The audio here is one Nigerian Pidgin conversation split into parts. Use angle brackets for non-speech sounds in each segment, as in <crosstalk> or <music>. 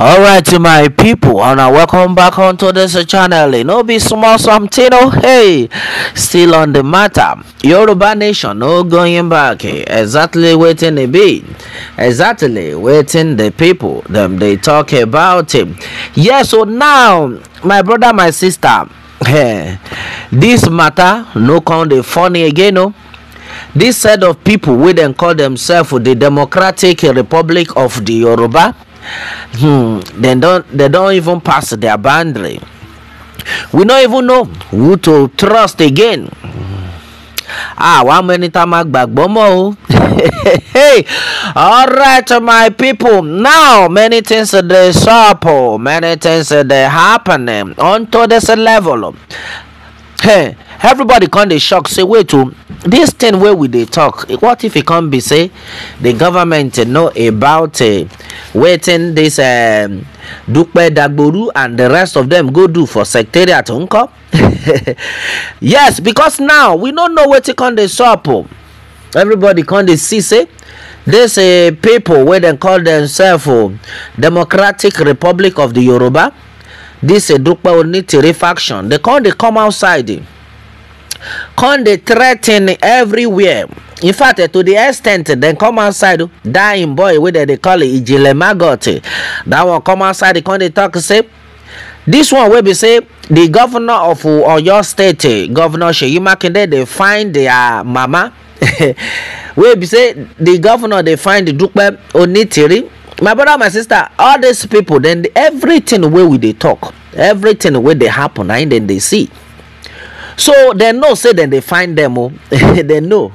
all right to my people and welcome back onto this channel you know be small something oh hey still on the matter yoruba nation no going back eh, exactly waiting the be exactly waiting the people them they talk about him yeah so now my brother my sister eh, this matter no count the funny again no oh. this set of people will not call themselves the democratic republic of the yoruba Hmm. They don't they don't even pass their boundary. We don't even know who to trust again. Ah, one many time back, máa gbàgbọ́ all right my people now many things are sup o many things happening eh, on to this level. Hey, everybody kind of shock say wait to. Oh. This thing wey we they talk what if it can be say the government know about uh, wetin dis dupe um, dagboru and the rest of them go do for secretariat nko <laughs> yes because now we don't know wetin to dey sup o everybody come dey see say dis uh, people where they call demsef uh, democratic republic of the yoruba This dis dupe onitiri faction They can't. They come outside come dey threaten everywhere in fact eh, to the extent eh, dem come outside oh, dat im boy wey dem dey call ijile magoti, dat eh. one come outside e come dey talk say dis one wey be say di governor of oyo state governor seyi makinde dey find dia mama <laughs> wey be say di governor dey find dupe onitiri my brother my sister all dis pipo dem everything wey we dey talk everything wey dey happen na im dem dey see so dem know say dem dey find dem o dem know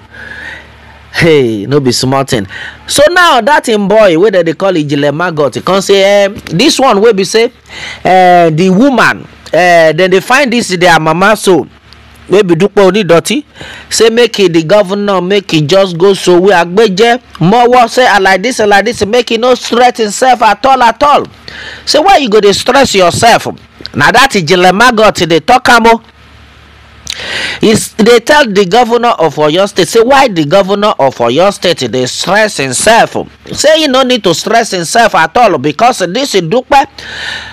hey no be small thing so now dat im boy wey dem dey call ijile magot e come say um, eh, dis one wey be say uh, eh, di woman uh, dem dey find dis their mama so wey be dupe onídọ̀tí say make he the governor make he just go sowe agbeje mọwọ say i ah, like this i ah, like this make he no stress himself at all at all say why you go dey stress yourself na that ijile magot e dey talk am o oh. It's, they tell the governor of Oyo State, say why the governor of Oyo State They stress himself. Say he no need to stress himself at all because this Idupe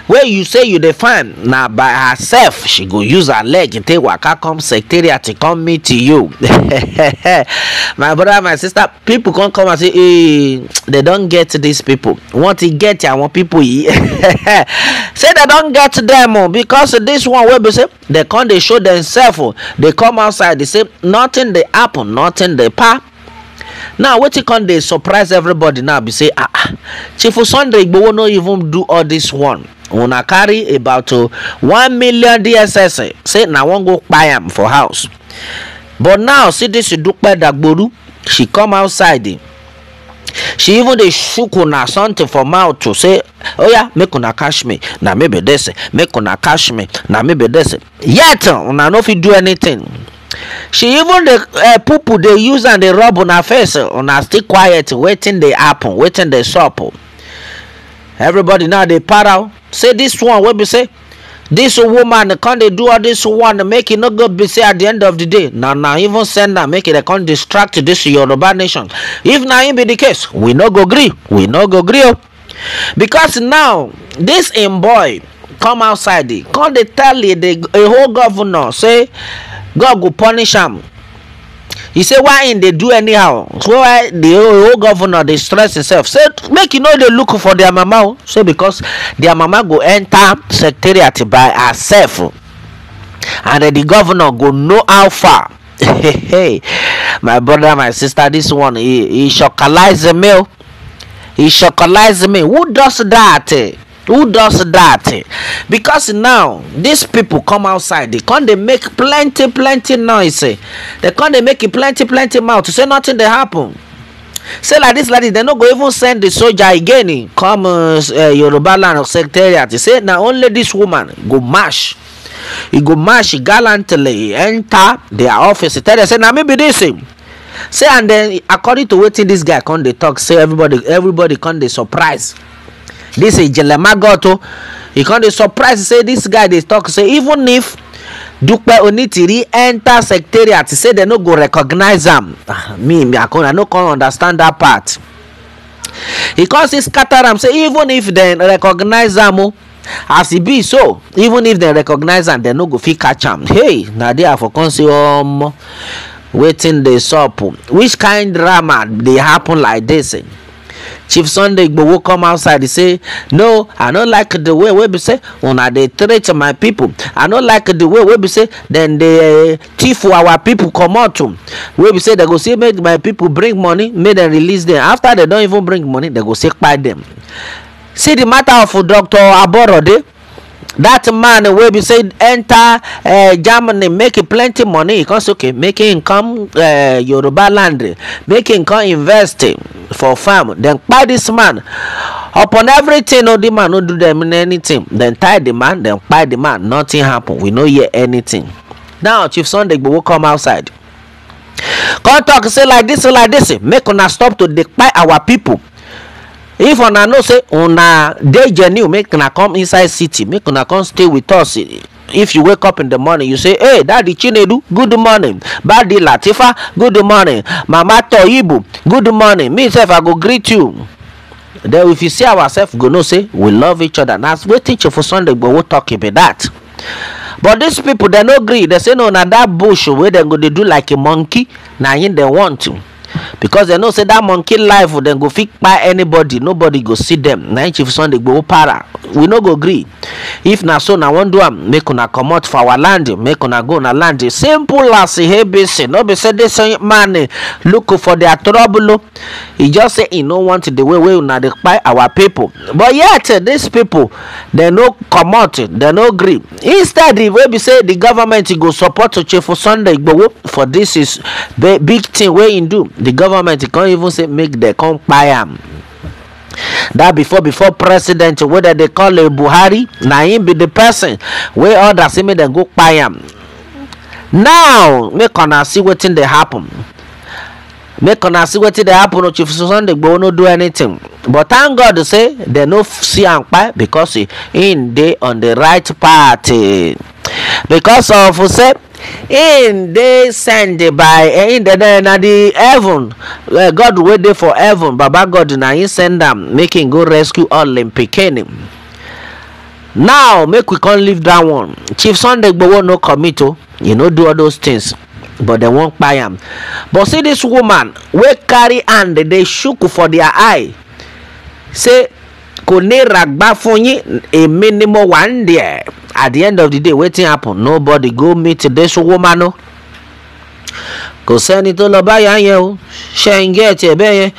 where you say you define now by herself she go use her leg take waka come secretariat come meet you. <laughs> my brother my sister people come come and say hey, eh, they don't get these people. Want to get want people yìí. <laughs> say they don't get them oh, because this one wey be say they can't dey show themselves oh. They come outside They say nothing dey happen nothing They pa now what you can? They surprise everybody now be say ah, ah chief sunday we not even do all this one una carry about uh, one million dss say na wan go buy am for house but now see this You that dagboru she come outside. Eh, she even dey shook una something for mouth to say oya oh make una catch me na me be this make una catch me na me be this yet una no fit do anything she even dey uh, eh, poo dey use am dey rub una face una still quiet wetin dey happen wetin dey sup everybody now dey para say this one wey be say This woman come dey do all dis one make e no go be say at the end of the day na na even send am make e dey come distract dis yoruba nation if na im be the case we no go gree we no go gree o oh. because now this im boy come outside come dey tell the the whole governor say god go punish am he say why him dey do anyhow so why the whole governor dey stress himself say make you no dey look for their mama oh. o say because their mama go enter secretariat by herself and then the governor go know how far <laughs> hey my brother my sister this one he he chocolize me o oh. he chocolize me who does that. Eh? who does that? because now these people come outside dey come dey make plenty plenty noise They come They make plenty plenty mouth say nothing They happen. say like this, lady. They dem no go even send the soldier again come uh, uh, yoruba land secretariat say na only this woman go march He go march gallantly enter their office tell dem say na me be dis say and then according to wetin this guy come dey talk? say everybody everybody come dey surprise This is dis ijelemagoto He come dey surprise say this guy dey talk. say even if dupe onitiri enta secretariat say dem no go recognize am ah, me me, i come, I no come understand that part e come still scatter am say even if dem recognize am o oh, as e be so even if dem recognize am dem no go fit catch am hey na there for come say omo um, wetin dey sup which kind drama dey happen like dis chief sunday igbowo come outside say no i no like the way wey be say una dey treat my people i no like the way wey be say dem dey eh, thief our people comot wey be say dem go say make my people bring money make dem release dem after dem don even bring money dem go say kpai dem see the matter of dr aborode that man wey be say enter uh, germany make plenty money he come say okay make him come uh, yoruba land make him come invest for farm then kpai this man upon everything no the man no do them anything then tie the man then kpai the man nothing happen we no hear anything now chief sunday igbowo come outside come talk say like this like this make una stop to dey kpai our people if una know say una dey genuine make una come inside city make una come stay with us if you wake up in the morning you say hey daddy chinedu good morning badi latifa good morning mama toyibu good morning me sef i go greet you then if you see ourselves go know say we love each other na wetin chifu sunday gbowo talk be that but dis pipo dem no gree dem say no na dat bush wey dem go dey do like a monkey na im dem want to because dem know say dat monkey life dem go fit kpai anybody nobody go see dem na im chief sunday igboho para we no go gree if na so na wan do am make una comot for our land make una go una land simple as e be say no be say dis man eh. look for their trouble e just say e no want the way wey una dey kpai our people but yet dis eh, people dem no comot dem eh. no gree instead if wey be say di government go support chief sunday igboho for dis is big thing wey im do The government come even say make dem come buy am that before before president wey dem dey call buhari na him be the person wey order say make dem go buy am now make una see wetin dey happen make una see wetin dey happen o chief sunday gbowoo no do anything but thank god say dem no see am kpai because im dey on the right party because of say In dey send by eh, in the day na the heaven eh, god wey dey for heaven baba god na him send am make him go rescue all him pikin now make we come leave that one chief sunday gbowo no commit o oh. you no do all those things but dem wan kpai am but see this woman wey carry hand dey shook for their eye say kò ní ràgbá fún yín èmi ni mo wà ń dẹ̀ at the end of the day wetin happen nobody go meet this woman no kò sẹ́ni tó lọ báyà yẹn o ṣe ń gé ẹ̀tì ẹ̀ bẹ́ẹ̀ yẹn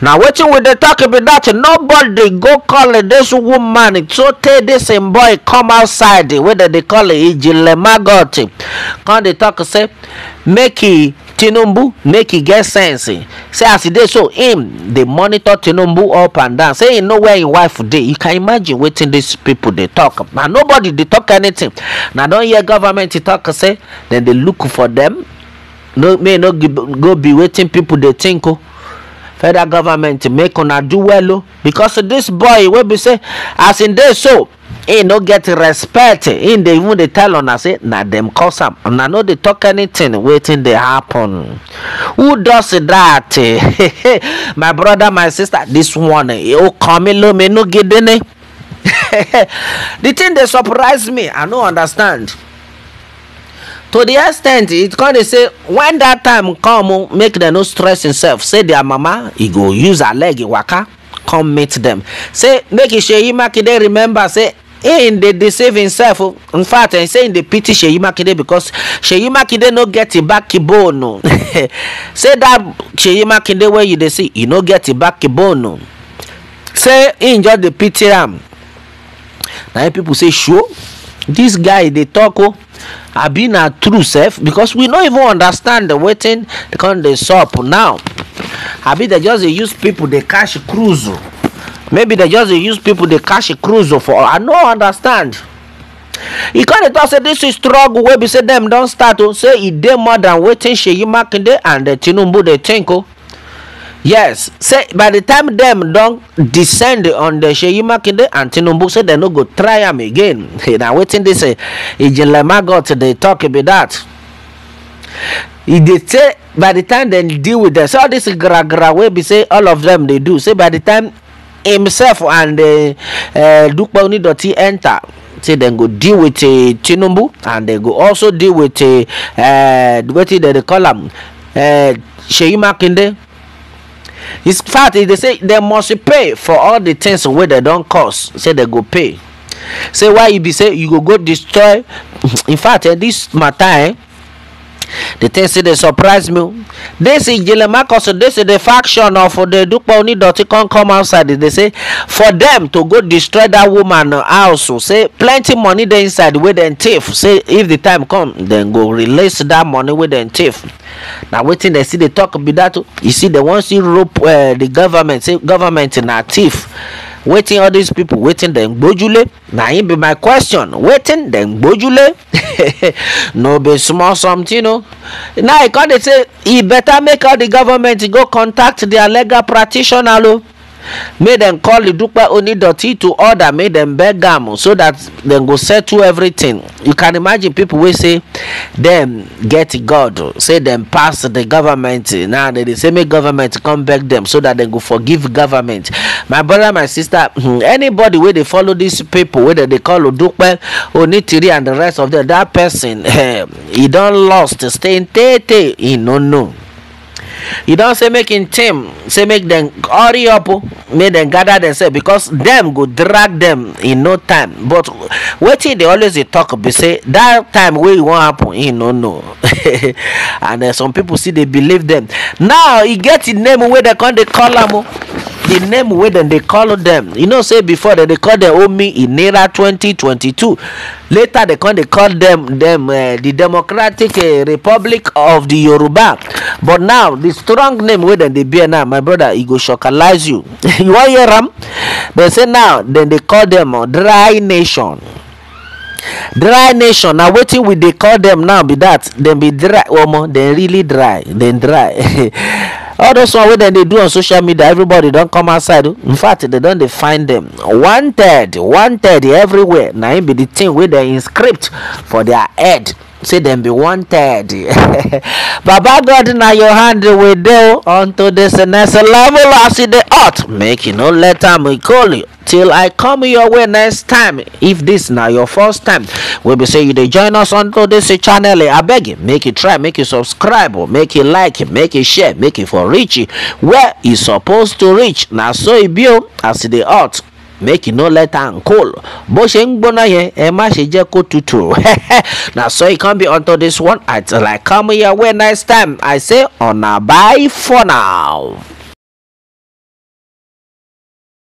na wetin we dey talk be that nobody go call this woman to take this im boy come outside wey dem dey call ijilemagot come dey talk say make e tinubu make e get sense say as e dey so im dey monitor tinubu up and down say e know where im wife dey you can imagine wetin these people dey talk. and nobody dey talk anything na don hear government talk. say dem dey look for dem may no go be wetin people dey think o oh. federal government make una do well o oh. because this boy wey be say as e dey so He no get respect him dey even they tell on una say na them cause am I no dey talk anything Waiting they happen who does that <laughs> my brother my sister this one eh, o kan mi me no get any. <laughs> the thing they surprise me i no understand to the extent it come dey say when that time come oh, make them no stress himself say their mama he go use her leg waka come meet them. say make shey makinde remember say In dey deceive himself in fact him say him dey pity seyi makinde because seyi makinde no get him backbone <laughs> say that seyi makinde wey you dey see e no get him backbone say him just dey pity am na him people say sure this guy dey talk o oh, abi na true sef because we no even understand wetin dey come dey sup now abi dey just dey use people dey cash cruise o. Oh maybe they just use people. They catch a cruise for i no understand e con dey tok say dis is struggle wey be say dem don start o say e dey more than wetin sheyi makinde and uh, tinubu dey think o oh. yes say by the time dem don descend on the sheyi makinde and tinubu say dem no go try am again na wetin dis ijele magot dey tok be dat e dey say by the time dem deal with dem say all dis gragra wey be say all of them dey do say by the time himself and uh, eh, uh, eh, Dukpa Unidoti enter. say dem go deal with uh, tinubu and dem go also deal with uh, uh, wetin dem dey call am uh, seyi makinde in fact they say dem must pay for all the things wey dem don cause say dem go pay say why e be say you go go destroy <laughs> in fact eh, this matter eh, the thing say dey surprise me this ijele makoso this is the faction of the dupa onidoti come come outside dey say for dem to go destroy dat woman house o say plenty money dey inside wey dem thief say if the time come dem go release dat money wey dem thief na wetin dem still dey talk be dat o you see dem wan see rope uh, the government say government na thief wetin all these people wetin dem gbojule na im be my question wetin dem gbojule no be small something o now e come dey say e better make all the government go contact their legal practitioner o make dem call the idupe onidoti to order make dem beg am so that dem go settle everything you can imagine people wey say dem get god say dem pass the government now dem dey say make government come beg dem so that dem go forgive government my brother my sister hmm, anybody wey dey follow dis people, wey dem dey call odupe onitiri and the rest of them, that person <laughs> eh, he don lost staying tey he no know He don say make im team say make dem hurry up make dem gather themselves because dem go drag dem in no time but wetin dey always dey talk be say that time wey e wan happen he no know <laughs> and eh, some people still dey believe dem now e get im name wey dem come dey call am oh. The name wey dem dey call dem you know say before dem dey call dem omi twenty twenty two, later dem come dey call dem dem eh, the democratic eh, republic of the yoruba but now the strong name wey dem dey bear now my brother e go shockalize you <laughs> you wan hear am dem say now dem dey call dem eh, dry nation dry nation na wetin we dey call dem now be that dem be dry omo dem really dry dem dry <laughs> all those one wey dem dey do on social media everybody don come outside in fact dem don dey find dem wanted wanted everywhere na im be the thing wey dem inscript for their head say them be wanted <laughs> baba god Now your hand wey dey unto this next level I see the art. make you no let am call you till i come your way next time if this now your first time wey be saying you dey join us unto this channel I beg abeg make you try make you subscribe Or make you like make you share make you for reach where you supposed to reach Now so you be o oh, as the art make you no let am cold bó ṣe ń gbóná yẹn ẹ má ṣe jẹ́ kó tutù <laughs> na so e come be unto this one i like come here when nice time i say una bye for now.